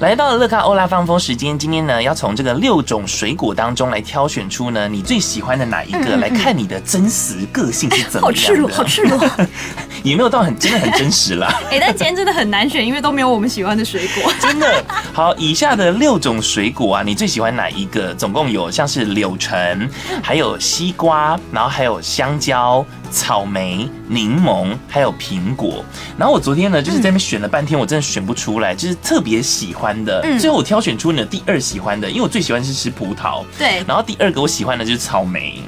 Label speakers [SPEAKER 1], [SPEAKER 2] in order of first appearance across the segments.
[SPEAKER 1] 來到了樂咖歐啦放風時間，今天呢要從這個六種水果當中來挑選出呢你最喜歡的哪一個、嗯嗯嗯，來看你的真實個性是怎麼樣的。哎、好赤裸好赤裸。 也沒有到很真的很真實啦。
[SPEAKER 2] 哎，但今天真的很難選，因為都沒有我們喜歡的水果。
[SPEAKER 1] 真的。好，以下的六種水果啊，你最喜歡哪一個？總共有像是柳橙，還有西瓜，然後還有香蕉、草莓、檸檬，還有蘋果。然後我昨天呢就是在那邊選了半天、嗯，我真的選不出來，就是特別喜歡。嗯，最後我挑選出呢第二喜歡的，因為我最喜歡是吃葡萄，對，然後第二個我喜歡的就是草莓。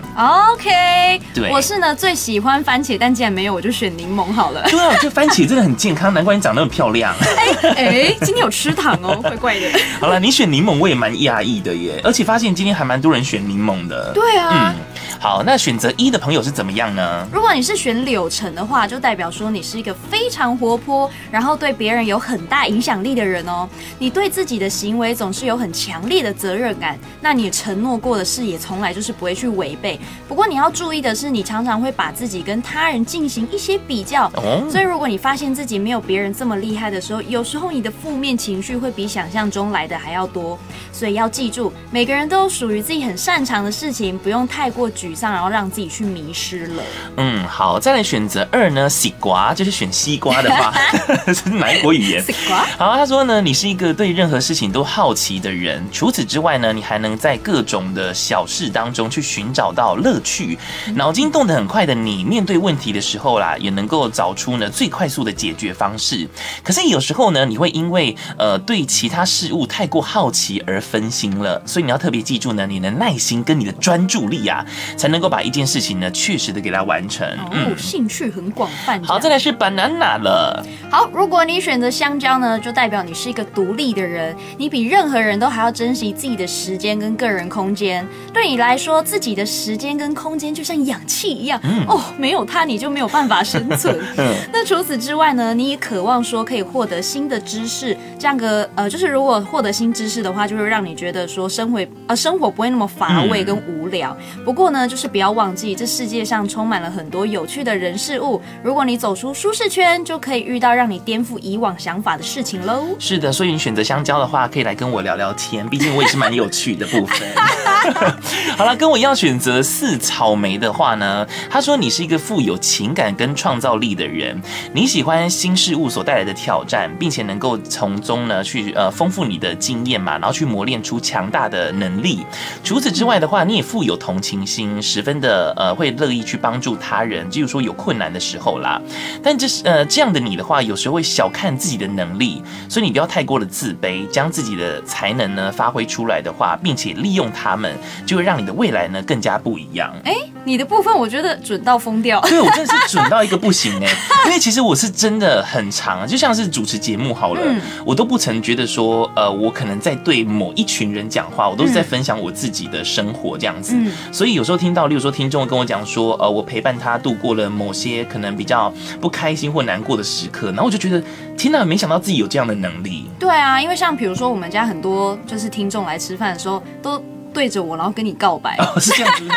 [SPEAKER 2] OK，對，我是呢最喜歡番茄，但既然沒有，我就選檸檬好了。對啊，就番茄
[SPEAKER 1] 真的很健康， 難怪你長那麼漂亮。哎、
[SPEAKER 2] 欸、哎、欸，今天有吃糖哦，怪
[SPEAKER 1] 怪的。好了，你選檸檬，我也蠻訝異的耶，而且發現今天還蠻多人選檸檬的。對啊。嗯好，那選擇一的朋友是怎麼樣呢？如
[SPEAKER 2] 果你是選柳橙的話，就代表說你是一個非常活潑，然後對別人有很大影響力的人哦、喔。你對自己的行為總是有很強烈的責任感，那你承諾過的事也從來就是不會去違背。不過你要注意的是，你常常會把自己跟他人進行一些比較、哦，所以如果你發現自己沒有別人這麼厲害的時候，有時候你的負面情緒會比想象中來的還要多。所以要記住，每個人都有屬於自己很擅長的事情，不用太過舉上，然後讓自己去迷失了。
[SPEAKER 1] 嗯，好，再來選擇二呢，西瓜，就是選西瓜的話， 這是南國語言？西瓜。好，他說呢，你是一個對任何事情都好奇的人，除此之外呢，你還能在各種的小事當中去尋找到樂趣。嗯、腦筋動得很快的你，面對問題的時候啦，也能夠找出呢最快速的解決方式。可是有時候呢，你會因為呃對其他事物太過好奇而分心了，所以你要特別記住呢，你的耐心跟你的專注力啊。才能夠把一件事情呢，確實的給它完成哦、嗯。
[SPEAKER 2] 哦，興趣很廣泛這樣。好，再來
[SPEAKER 1] 是 Banana 了。
[SPEAKER 2] 好，如果你選擇香蕉呢，就代表你是一個獨立的人，你比任何人都還要珍惜自己的時間跟個人空間。對你來說，自己的時間跟空間就像氧氣一樣、嗯，哦，沒有它你就沒有辦法生存。 嗯、那除此之外呢，你也渴望說可以獲得新的知識，這樣個呃，就是如果獲得新知識的話，就會讓你覺得說生活啊、呃，生活不會那麼乏味跟無聊。嗯、不過呢。就是不要忘記，這世界上充滿了很多有趣的人事物。如果你走出舒適圈，就可以遇到讓你顛覆以往想法的事情嘍。
[SPEAKER 1] 是的，所以你選擇香蕉的話，可以來跟我聊聊天。畢竟我也是蠻有趣的部分。 好啦，跟我一樣選擇四草莓的話呢，他說你是一個富有情感跟創造力的人，你喜歡新事物所帶來的挑戰，並且能夠從中呢去呃豐富你的經驗嘛，然後去磨練出強大的能力。除此之外的話，你也富有同情心。十分的呃，會樂意去幫助他人，就是說有困難的時候啦。但這、就是呃這樣的你的話，有時候會小看自己的能力，所以你不要太過的自卑，將自己的才能呢發揮出來的話，並且利用他們，就會讓你的未來呢更加不一樣。欸
[SPEAKER 2] 你的部分我覺得準到瘋掉對，對我真的是準
[SPEAKER 1] 到一個不行哎、欸， 因為其實我是真的很長，就像是主持節目好了、嗯，我都不曾覺得說，呃，我可能在對某一群人講話，我都是在分享我自己的生活這樣子。嗯、所以有時候聽到，例如說聽眾跟我講說，呃，我陪伴他度過了某些可能比較不開心或難過的時刻，然後我就覺得，聽到，沒想到自己有這樣的能力。
[SPEAKER 2] 對啊，因為像比如說我們家很多就是聽眾來吃飯的時候都。對着我，然後跟你告白哦，是
[SPEAKER 1] 這樣子嗎？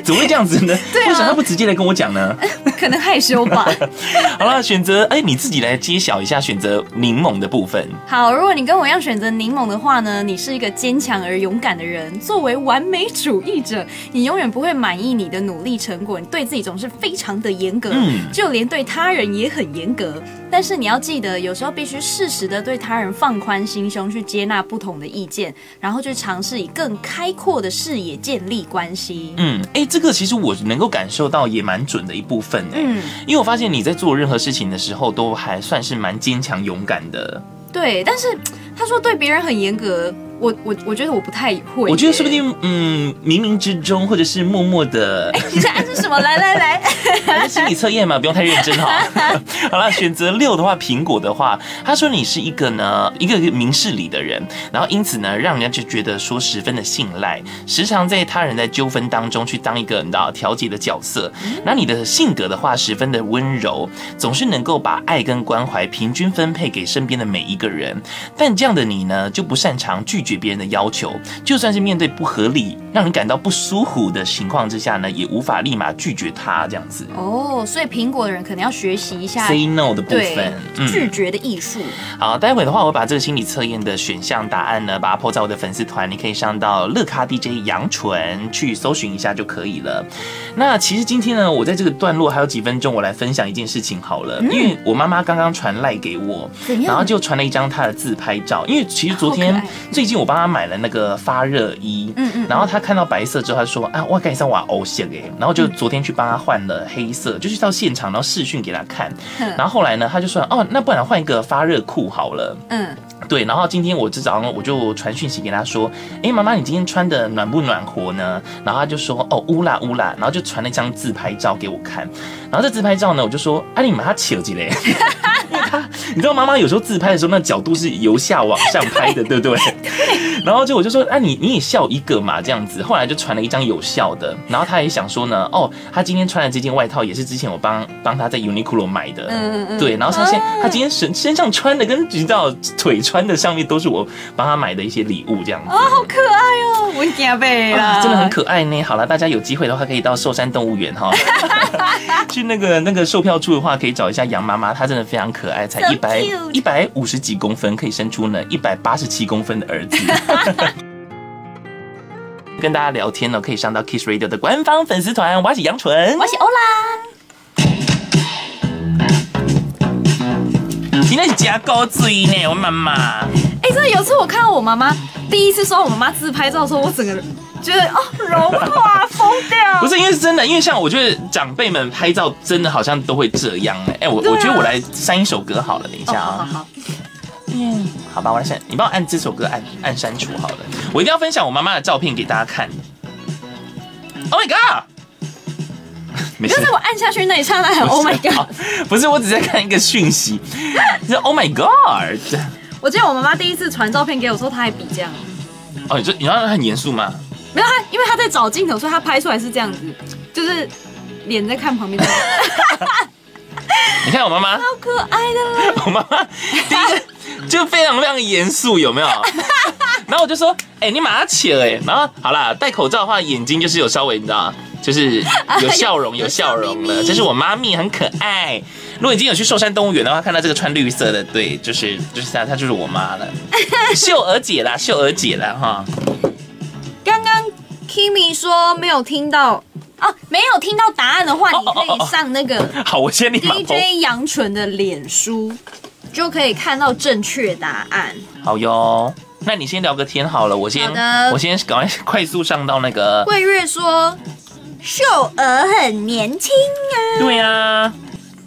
[SPEAKER 1] 怎麼會這樣子呢？對啊，為什麼不直接來跟我講呢？
[SPEAKER 2] 可能害羞吧。
[SPEAKER 1] 好了，選擇哎、欸，你自己來揭曉一下選擇檸檬的部分。
[SPEAKER 2] 好，如果你跟我一樣選擇檸檬的話呢，你是一個堅強而勇敢的人。作為完美主義者，你永遠不會滿意你的努力成果，你對自己總是非常的嚴格，嗯，就連對他人也很嚴格。但是你要記得，有時候必須適時的對他人放寬心胸，去接納不同的意見，然後去嘗試。以更開闊的視野，建立關係。嗯，
[SPEAKER 1] 哎、欸，這個其實我能夠感受到，也蠻準的一部分、欸。嗯，因為我發現你在做任何事情的時候，都還算是蠻堅強、勇敢的。
[SPEAKER 2] 對，但是他說對別人很嚴格，我我我覺得我不太會、欸。我覺得說不
[SPEAKER 1] 是定說不定，嗯，冥冥之中，或者是默默的，欸、你在暗示什麼？來來來。 哎、心理測驗嘛，不用太認真哈。好啦， 選擇六的話，蘋果的話，他說你是一個呢，一個明事理的人，然後因此呢，讓人家就覺得說十分的信賴，時常在他人在糾紛當中去當一個你知道調解的角色。那你的性格的話，十分的溫柔，總是能夠把愛跟關懷平均分配給身邊的每一個人。但這樣的你呢，就不擅長拒絕別人的要求，就算是面對不合理、讓人感到不舒服的情況之下呢，也無法立馬拒絕他這樣子。
[SPEAKER 2] 哦，所以蘋果的人可能要學習一下 say
[SPEAKER 1] no 的部分，嗯、
[SPEAKER 2] 拒絕的藝術。
[SPEAKER 1] 好，待會的話，我會把這個心理測驗的選項答案呢，把它 po 在我的粉絲團，你可以上到樂咖 DJ 楊純去搜尋一下就可以了。那其實今天呢，我在這個段落還有幾分鐘，我來分享一件事情好了，嗯、因為我媽媽剛剛傳賴給我，然後就傳了一張她的自拍照，因為其實昨天最近我幫她買了那個發熱衣，嗯，嗯嗯，然後她看到白色之後，她說啊，我蓋緊上瓦歐先了。然後就昨天去幫她換了。黑色，就去到現場，然後視訊給他看，嗯。然後後來呢，他就說，哦，那不然換一個發熱褲好了。嗯，對。然後今天我這早上我就傳訊息給他，說，哎，媽媽，你今天穿得暖不暖和呢？然後他就說，哦，烏啦烏啦。然後就傳了一張自拍照給我看。然後這自拍照呢，我就說，哎、啊，你把它扯起來。 你知道媽媽有時候自拍的時候，那角度是由下往上拍的， 對不對？ 然後就我就說，啊，你你也笑一個嘛，這樣子。後來就傳了一張有笑的。然後他也想說呢，哦，他今天穿的這件外套也是之前我幫幫他在 Uniqlo 買的，嗯嗯、對。然後他現、啊、他今天身身上穿的跟直到腿穿的上面都是我幫他買的一些禮物這樣子。啊、
[SPEAKER 2] 哦，好可愛喲、哦，我驚白啦。真的很
[SPEAKER 1] 可愛呢。好了，大家有機會的話可以到壽山動物園哈、哦， 去那個那個售票處的話可以找一下楊媽媽，她真的非常可愛，才一百一百五十幾公分，可以生出呢一百八十七公分的兒子。 跟大家聊天呢，可以上到 Kiss Radio 的官方粉絲團。我是楊純，我是歐拉。今天是高古錐呢，我媽媽。
[SPEAKER 2] 哎、欸，真的，有次我看到我媽媽第一次說我媽媽自拍照的時候，我整個人覺得哦，融化瘋掉。 不是因為是
[SPEAKER 1] 真的，因為像我覺得長輩們拍照真的好像都會這樣、哎、欸。我、啊、我覺得我來刪一首歌好了，等一下啊、哦。Oh, 好好 Yeah. 好吧，我來先。你幫我按這首歌按按刪除好了。我一定要分享我媽媽的照片給大家看。
[SPEAKER 2] Oh my god！
[SPEAKER 1] 沒有，那我
[SPEAKER 2] 按下去，那一剎那，很。Oh my god！不
[SPEAKER 1] 是，哦，不是，我只在看一個訊息。 是 Oh my god！
[SPEAKER 2] 我記得我媽媽第一次傳照片給我時候，她還比這樣。
[SPEAKER 1] 哦，你這你知道她很嚴肅嗎？
[SPEAKER 2] 沒有，她因為她在找鏡頭，所以她拍出來是這樣子，就是臉在看旁邊。
[SPEAKER 1] 你看我媽媽，
[SPEAKER 2] 好可愛的。
[SPEAKER 1] 我媽媽第一次。 就非常非常嚴肅，有沒有？
[SPEAKER 2] 然後我就說，
[SPEAKER 1] 哎、欸，你馬上起來。然後好啦，戴口罩的話，眼睛就是有稍微，你知道就是有笑容，有笑容了。 這是我媽咪，很可愛。如果已經有去壽山動物園的話，看到這個穿綠色的，對，就是就是他，她就是我媽了， 秀兒姐啦，秀兒姐了哈。
[SPEAKER 2] 剛剛 Kimi 說沒有聽到，哦、啊，沒有聽到答案的話，哦哦哦哦你可以上那個
[SPEAKER 1] 好，我先你。DJ
[SPEAKER 2] 楊純的臉書。就可以看到正確答案。
[SPEAKER 1] 好喲，那你先聊個天好了，我先，我先趕快快速上到那個。
[SPEAKER 2] 桂月說，秀兒很年輕啊。對啊、欸。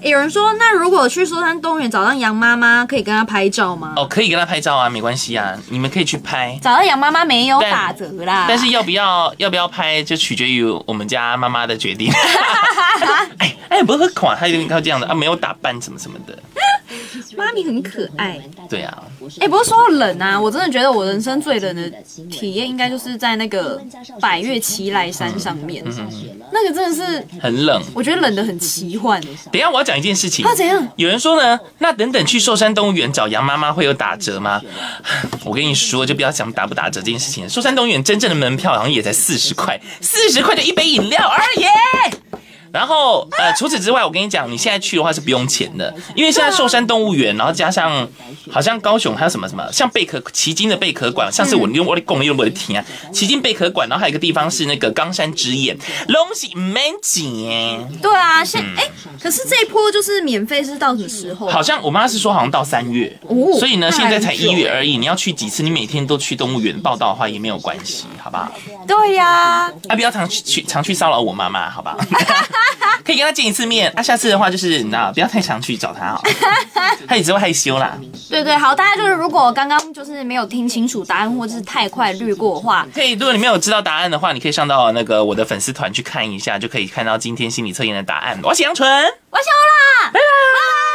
[SPEAKER 2] 有人說，那如果去壽山動物園找到羊媽媽，可以跟她拍照嗎？
[SPEAKER 1] 哦，可以跟她拍照啊，沒關係啊，你們可以去拍。
[SPEAKER 2] 找到羊媽媽沒有打折啦，但、但是
[SPEAKER 1] 要不要要不要拍，就取決於我們家媽媽的決定。 啊、哎哎，不是很可愛，有點像這樣的啊，沒有打扮什麼什麼的。媽咪很可愛，對啊，哎、
[SPEAKER 2] 欸，不是說冷啊，我真的覺得我人生最冷的體驗應該就是在那個百岳奇萊山上面、嗯嗯
[SPEAKER 1] 嗯，那個真的是很冷，
[SPEAKER 2] 我覺得冷得很奇幻。
[SPEAKER 1] 等一下我要講一件事情，那怎樣？有人說呢，那等等去壽山動物園找羊媽媽會有打折嗎？ 我跟你說，就不要想打不打折這件事情，壽山動物園真正的門票好像也才四十塊，四十塊的一杯飲料而已。 yeah! 然後，呃，除此之外，我跟你講，你現在去的話是不用錢的，因為現在壽山動物園，然後加上好像高雄還有什麼什麼，像貝殼旗津的貝殼館，上次我用我的工，用我的天，旗津貝殼館，然後還有一個地方是那個岡山之眼，都是不用錢。
[SPEAKER 2] 對啊，現，哎、嗯，欸，可是這一波就是免費是到什麼時候？啊？好像
[SPEAKER 1] 我媽是說好像到三月。哦，所以呢，現在才一月而已。你要去幾次？你每天都去動物園報到的話也沒有關係，好不好？對呀，啊，啊，不要常，常去去常去騷擾我媽媽，好不好？ 可以跟他見一次面， 啊，下次的話就是你知道，不要太常去找他哦，
[SPEAKER 2] 他也
[SPEAKER 1] 只會害羞啦。
[SPEAKER 2] 對，對對，好，大家就是如果剛剛就是沒有聽清楚答案，或者是太快略過的話，可
[SPEAKER 1] 以，如果你沒有知道答案的話，你可以上到那個我的粉絲團去看一下，就可以看到今天心理測驗的答案。我是楊純，
[SPEAKER 2] 我是歐啦，拜拜。